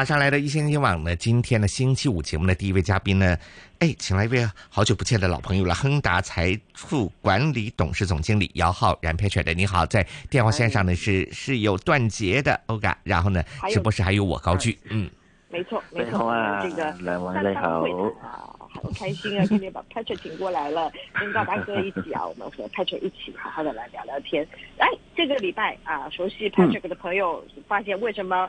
馬上來的一星期網呢，今天的星期五節目的第一位嘉賓呢，哎，請來一位好久不見的老朋友了，亨達財富管理董事總經理姚浩然，Patrick，、哎、你好，在電話線上呢是是有斷節的 o、哦、嘎，然後呢，直播室還有我高巨，哎、嗯，沒錯，沒錯，啊，這個兩位你好啊，好啊開心啊，今天把 Patrick 請過來了， 跟大大哥一起啊，我們和 Patrick 一起好好的來聊聊天，哎，這個禮拜啊，熟悉 Patrick 的朋友、嗯、發現為什麼？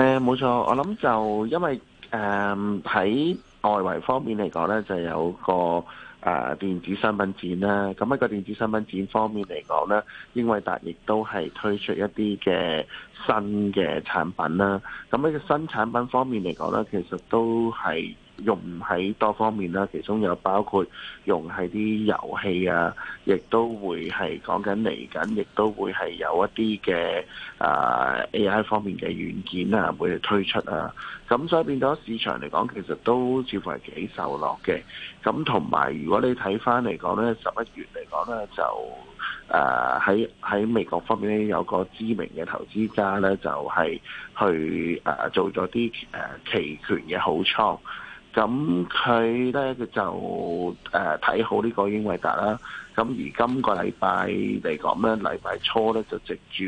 誒，冇錯、嗯，我諗就因為誒喺、嗯、外圍方面嚟講呢，就有個誒、呃、電子商品展啦。咁、那、喺個電子商品展方面嚟講呢，英偉達亦都係推出一啲嘅新嘅產品啦。咁、那、喺個新產品方面嚟講呢，其實都係，用唔喺多方面啦，其中有包括用喺啲遊戲啊，亦都會係講緊嚟緊，亦都會係有一啲嘅啊 AI 方面嘅軟件啊會推出啊。咁所以變咗市場嚟講，其實都似乎係幾受落嘅。咁同埋如果你睇翻嚟講呢，十一月嚟講呢，就誒喺喺美國方面呢，有個知名嘅投資家呢，就係、是、去誒、啊、做咗啲誒期權嘅好倉。咁佢咧佢就誒睇、呃、好呢個英偉達啦。咁而今個禮拜嚟講咧，禮拜初咧就藉住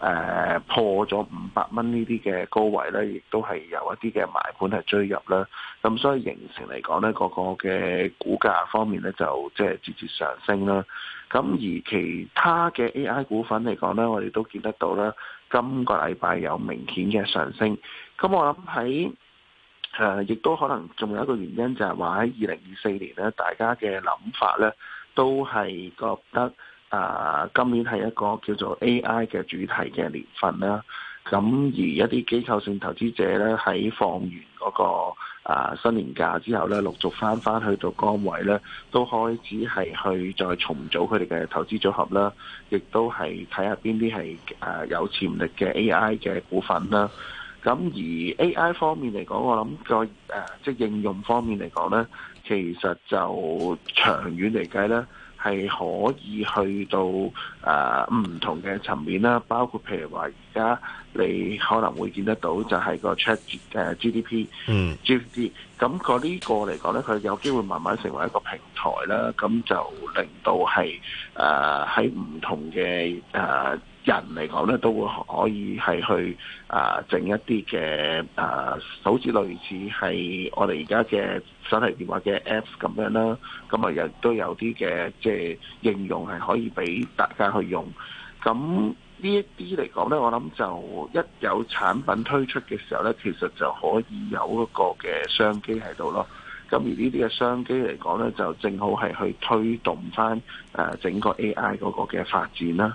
誒破咗五百蚊呢啲嘅高位咧，亦都係有一啲嘅買盤係追入啦。咁所以形成嚟講咧，個個嘅股價方面咧就即係節節上升啦。咁而其他嘅 AI 股份嚟講咧，我哋都見得到啦，今個禮拜有明顯嘅上升。咁我諗喺誒，亦都可能仲有一個原因，就係話喺二零二四年咧，大家嘅諗法咧都係覺得啊，今年係一個叫做 AI 嘅主題嘅年份啦。咁而一啲機構性投資者咧，喺放完嗰個啊新年假之後咧，陸續翻翻去到崗位咧，都開始係去再重組佢哋嘅投資組合啦，亦都係睇下邊啲係誒有潛力嘅 AI 嘅股份啦。咁而 A.I. 方面嚟講，我諗個誒即係應用方面嚟講咧，其實就長遠嚟計咧，係可以去到誒唔、呃、同嘅層面啦。包括譬如話而家你可能會見得到就 DP、嗯，就係個 ChatGPT 嗯 G.D.P. 咁個呢個嚟講咧，佢有機會慢慢成為一個平台啦。咁就令到係誒喺唔同嘅誒。呃人嚟講咧，都會可以係去啊，整一啲嘅啊，好似類似係我哋而家嘅手提電話嘅 Apps 咁樣啦。咁啊，亦都有啲嘅即係應用係可以俾大家去用。咁呢一啲嚟講咧，我諗就一有產品推出嘅時候咧，其實就可以有一個嘅商機喺度咯。咁而呢啲嘅商機嚟講咧，就正好係去推動翻誒整個 AI 嗰個嘅發展啦。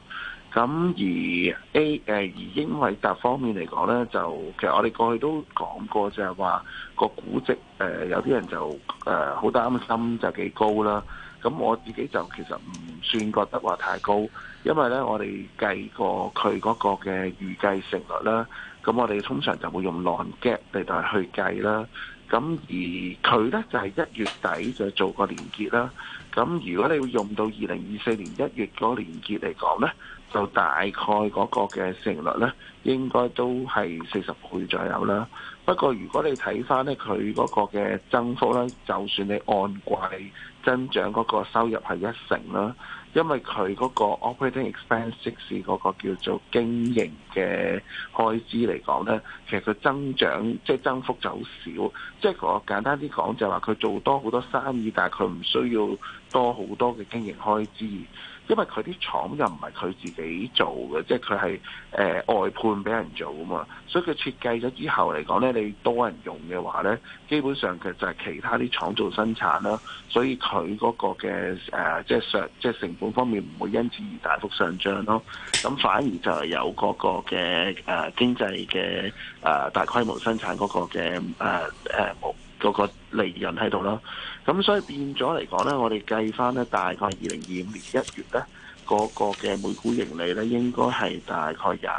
咁而 A 誒而英偉達方面嚟講咧，就其實我哋過去都講過就係話、嗰個估值誒、呃、有啲人就誒好、呃、擔心就幾高啦。咁我自己就其實唔算覺得話太高，因為咧我哋計過佢嗰個嘅預計成率啦。咁我哋通常就會用 non-GAAP 嚟到去計啦。咁而佢咧就係、是、一月底就做個連結啦。咁如果你要用到二零二四年一月嗰連結嚟講咧？就大概嗰個市盈率咧，應該都係四十倍左右啦。不過如果你睇翻咧，佢嗰個嘅增幅咧，就算你按季增長嗰個收入係一成啦，因為佢嗰個 operating expense 即係嗰個叫做經營嘅開支嚟講咧，其實佢增長即係增幅就好少。即係我簡單啲講就係話，佢做多好多生意，但係佢唔需要多好多嘅經營開支。因為佢啲廠就唔係佢自己做嘅，即係佢係誒外判俾人做啊嘛，所以佢設計咗之後嚟講咧，你多人用嘅話咧，基本上其實就係其他啲廠做生產啦，所以佢嗰個嘅誒、呃、即係上即係成本方面唔會因此而大幅上漲咯，咁反而就係有嗰個嘅誒、呃、經濟嘅誒大規模生產嗰個嘅誒誒冇。呃呃個個利潤喺度咯，咁所以變咗嚟講呢，我哋計翻呢，大概二零二五年一月呢，個個嘅每股盈利呢，應該係大概廿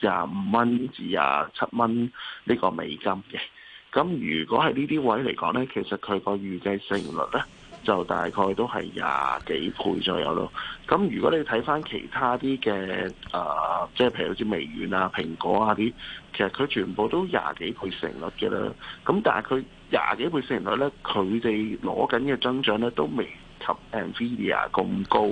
廿五蚊至廿七蚊呢個美金嘅。咁如果係呢啲位嚟講呢，其實佢個預計成率呢就大概都係廿幾倍左右咯。咁如果你睇翻其他啲嘅誒，即係譬如好似微軟啊、蘋果啊啲，其實佢全部都廿幾倍成率嘅啦。咁但係佢廿幾倍市盈率咧，佢哋攞緊嘅增長咧都未及 NVIDIA 咁高，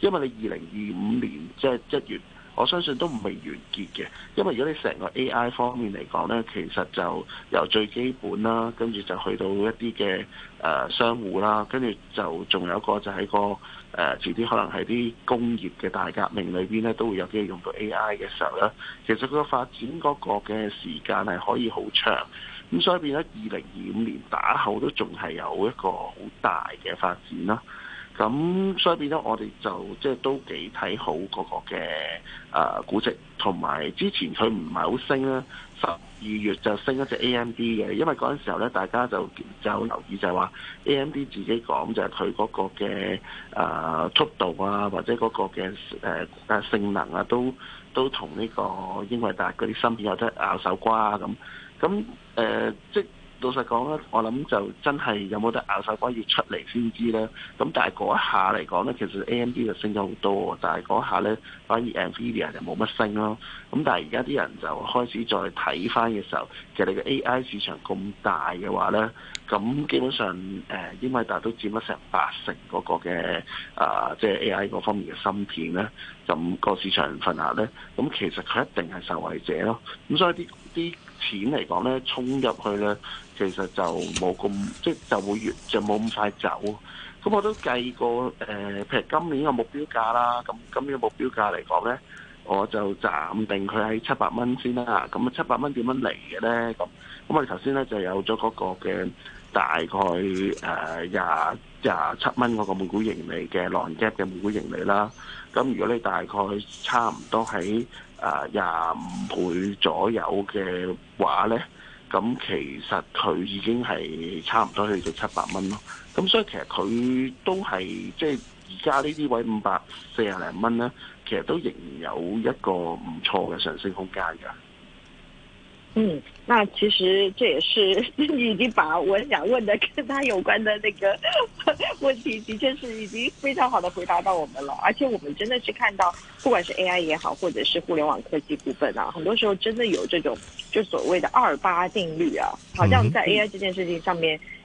因為你二零二五年即一、就是、月，我相信都唔係完結嘅。因為如果你成個 AI 方面嚟講咧，其實就由最基本啦，跟住就去到一啲嘅誒商戶啦，跟住就仲有一個就喺個誒，遲、呃、啲可能係啲工業嘅大革命裏邊咧，都會有機會用到 AI 嘅時候咧。其實佢嘅發展嗰個嘅時間係可以好長。咁所以變咗二零二五年打後都仲係有一個好大嘅發展啦。咁所以變咗我哋就即係、就是、都幾睇好嗰個嘅誒估值，同埋之前佢唔係好升啦。十二月就升一隻 AMD 嘅，因為嗰陣時候咧，大家就就留意就係話 AMD 自己講就係佢嗰個嘅誒、呃、速度啊，或者嗰個嘅誒、呃、性能啊，都都同呢個英偉達嗰啲芯片有得拗手瓜咁、啊。咁誒、呃，即老實講啦，我諗就真係有冇得拗手瓜出嚟先知咧。咁但係嗰一下嚟講咧，其實 A.M.D. 就升咗好多，但係嗰下咧，反而 Nvidia 就冇乜升咯。咁但係而家啲人就開始再睇翻嘅時候，其實你個 A.I. 市場咁大嘅話咧，咁基本上誒，英偉達都佔咗成八成嗰個嘅啊，即、呃、係、就是、A.I. 嗰方面嘅芯片咧，咁、那個市場份額咧，咁其實佢一定係受惠者咯。咁所以啲啲。錢嚟講呢，衝入去呢，其實就冇咁，即、就、係、是、就會越就冇咁快走。咁我都計過誒、呃，譬如今年嘅目標價啦，咁今年嘅目標價嚟講呢。我就暫定佢喺七百蚊先啦，咁七百蚊點樣嚟嘅咧？咁咁我哋頭先咧就有咗嗰個嘅大概誒廿廿七蚊嗰個每股盈利嘅 long gap 嘅每股盈利啦。咁如果你大概差唔多喺誒廿五倍左右嘅話咧，咁其實佢已經係差唔多去到七百蚊咯。咁所以其實佢都係即係而家呢啲位五百四廿零蚊咧，其實都仍有一個唔錯嘅上升空間㗎。嗯，那其實這也是你已經把我想問的跟他有關的那個問題，的確是已經非常好的回答到我們了。而且我們真的是看到，不管是 AI 也好，或者是互聯網科技股份啊，很多時候真的有這種就所謂的二八定律啊，好像在 AI 這件事情上面。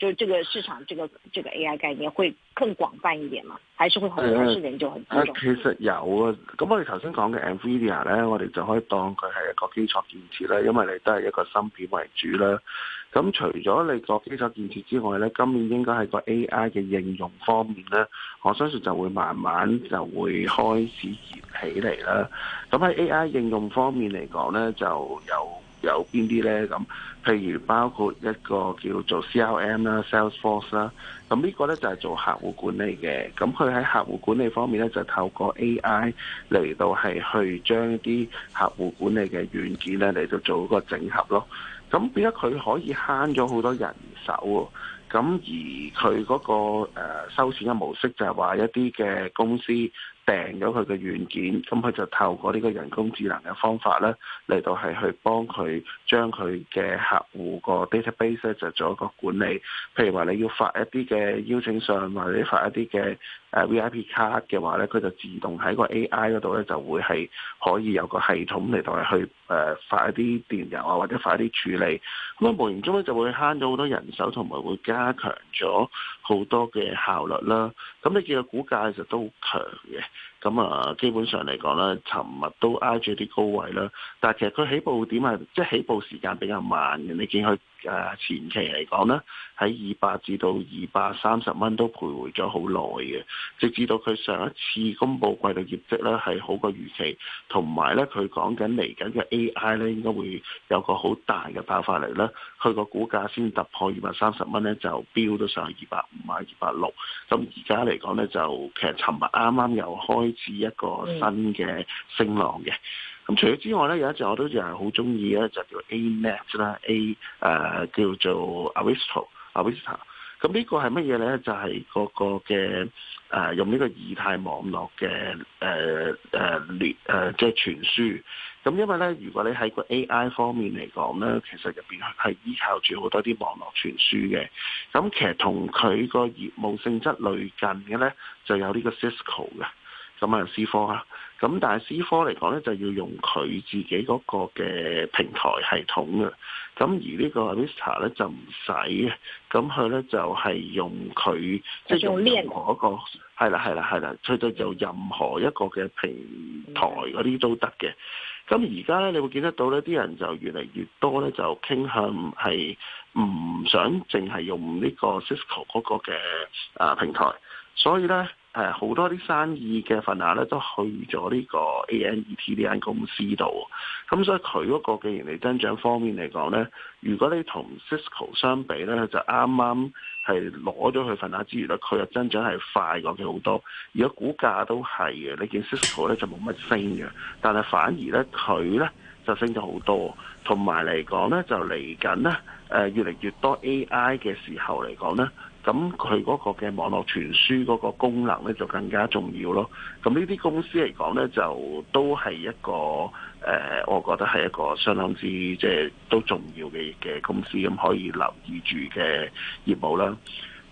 就這個市場，這個這個 AI 概念會更廣泛一點嘛？還是會還是仍舊很注重？其實有啊，咁我哋頭先講嘅 NVIDIA 咧，我哋就可以當佢係一個基礎建設啦，因為你都係一個芯片為主啦。咁除咗你個基礎建設之外咧，今年應該係個 AI 嘅應用方面咧，我相信就會慢慢就會開始熱起嚟啦。咁喺 AI 應用方面嚟講咧，就有。有邊啲呢？咁譬如包括一個叫做 CRM 啦、Salesforce 啦，咁呢個呢，就係做客戶管理嘅。咁佢喺客戶管理方面呢，就透過 AI 嚟到係去將啲客戶管理嘅軟件呢，嚟到做一個整合咯。咁變咗佢可以慳咗好多人手喎。咁而佢嗰個收錢嘅模式就係話一啲嘅公司訂咗佢嘅軟件，咁佢就透過呢個人工智能嘅方法咧，嚟到係去幫佢將佢嘅客戶個 database 咧就做一個管理。譬如話你要發一啲嘅邀請信，或者你發一啲嘅 VIP 卡嘅話咧，佢就自動喺個 AI 嗰度咧就會係可以有個系統嚟到去發一啲電郵啊，或者發一啲處理。咁啊無形中咧就會慳咗好多人手，同埋會加加強咗好多嘅效率啦，咁你見個股價其實都好強嘅，咁啊基本上嚟講啦，尋日都挨住啲高位啦，但係其實佢起步點係即係起步時間比較慢嘅，你見佢，誒前期嚟講呢，喺二百至到二百三十蚊都徘徊咗好耐嘅，直至到佢上一次公佈季度業績呢，係好過預期，同埋呢，佢講緊嚟緊嘅 AI 呢，應該會有個好大嘅爆發嚟啦，佢個股價先突破二百三十蚊呢，就飆到上去二百五啊二百六，咁而家嚟講呢，就、嗯嗯、其實尋日啱啱又開始一個新嘅升浪嘅。嗯、除咗之外咧，有一隻我都就係好中意咧，就叫 ANET 啦，A 誒、呃、叫做 Arista Arista 咁呢個係乜嘢咧？就係、是、嗰個嘅誒、呃、用呢個以太網絡嘅誒誒聯誒嘅傳輸。咁因為咧，如果你喺個 AI 方面嚟講咧，其實入邊係依靠住好多啲網絡傳輸嘅。咁其實同佢個業務性質類近嘅咧，就有呢個 Cisco 嘅。咁啊，C 科啊，咁但係 C 科嚟講咧，就要用佢自己嗰個嘅平台系統嘅。咁而呢個 Arista 咧就唔使，咁佢咧就係用佢即係用任何一個，係啦係啦係啦，佢對就任何一個嘅平台嗰啲都得嘅。咁而家咧，你會見得到咧，啲人就越嚟越多咧，就傾向係唔想淨係用呢個 Cisco 嗰個嘅平台，所以咧。係好多啲生意嘅份額咧，都去咗呢個 A N E T 呢間公司度。咁所以佢嗰個嘅盈利增長方面嚟講咧，如果你同 Cisco 相比咧，就啱啱係攞咗佢份額之餘咧，佢又增長係快過佢好多。而家股價都係嘅，你見 Cisco 咧就冇乜升嘅，但係反而咧佢咧就升咗好多。同埋嚟講咧，就嚟緊咧，誒越嚟越多 A I 嘅時候嚟講咧。咁佢嗰個嘅網絡傳輸嗰個功能咧，就更加重要咯。咁呢啲公司嚟講咧，就都係一個誒、呃，我覺得係一個相當之即係都重要嘅嘅公司咁，可以留意住嘅業務啦。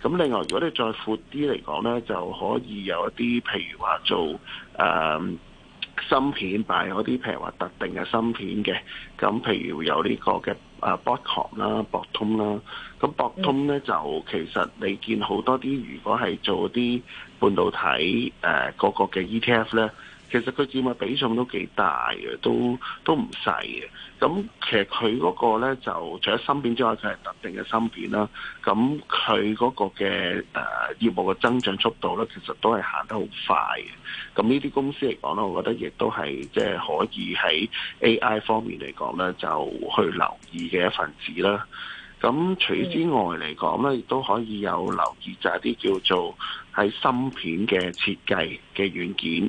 咁另外，如果你再闊啲嚟講咧，就可以有一啲譬如話做誒、呃。芯片，買嗰啲譬如話特定嘅芯片嘅，咁譬如有博通，博通，博通呢個嘅啊博通啦、博通啦，咁博通咧就其實你見好多啲，如果係做啲半導體誒，個個嘅 ETF 咧。其實佢佔嘅比重都幾大嘅，都都唔細嘅。咁其實佢嗰個咧就除咗芯片之外，佢係特定嘅芯片啦。咁佢嗰個嘅誒、呃、業務嘅增長速度咧，其實都係行得好快嘅。咁呢啲公司嚟講咧，我覺得亦都係即係可以喺 AI 方面嚟講咧，就去留意嘅一份子啦。咁除此之外嚟講咧，亦都可以有留意就係啲叫做喺芯片嘅設計嘅軟件。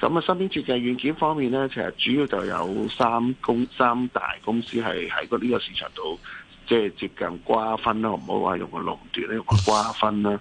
咁啊，身邊設計軟件方面咧，其實主要就有三公三大公司係喺呢個市場度，即係接近瓜分啦。唔好話用個壟斷，用個瓜分啦。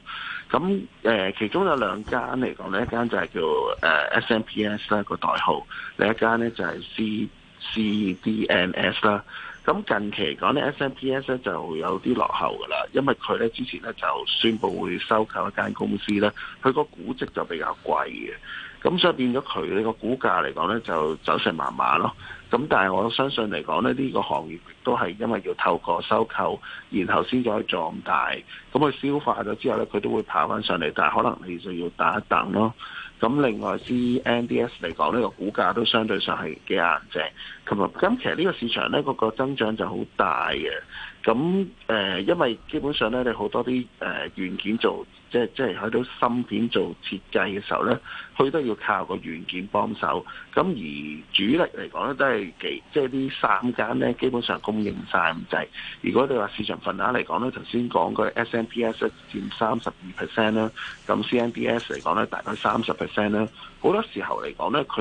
咁誒、呃，其中有兩間嚟講呢，一間就係叫、呃、S M P S 啦個代號，另一間呢就係 C D N S 啦。咁近期嚟講呢 S M P S 咧就有啲落後噶啦，因為佢咧之前咧就宣布會收購一間公司啦，佢個估值就比較貴嘅。咁所以變咗佢呢個股價嚟講呢，就走勢麻麻咯。咁但係我相信嚟講呢，呢個行業都係因為要透過收購，然後先再壯大。咁佢消化咗之後呢，佢都會爬翻上嚟，但係可能你就要打一等咯。咁另外，C N D S 嚟講呢，呢個股價都相對上係幾硬淨。咁啊，咁其實呢個市場呢，個個增長就好大嘅。咁誒、呃，因為基本上咧，你好多啲誒軟件做，即係即係喺到芯片做設計嘅時候咧，佢都要靠個軟件幫手。咁而主力嚟講咧，都係幾即係啲三間咧，基本上供應晒咁滯。如果你話市場份額嚟講咧，頭先講個 SNPS 佔三十二 percent 啦，咁 CNPS 嚟講咧，大概三十 percent 啦。好多時候嚟講咧，佢。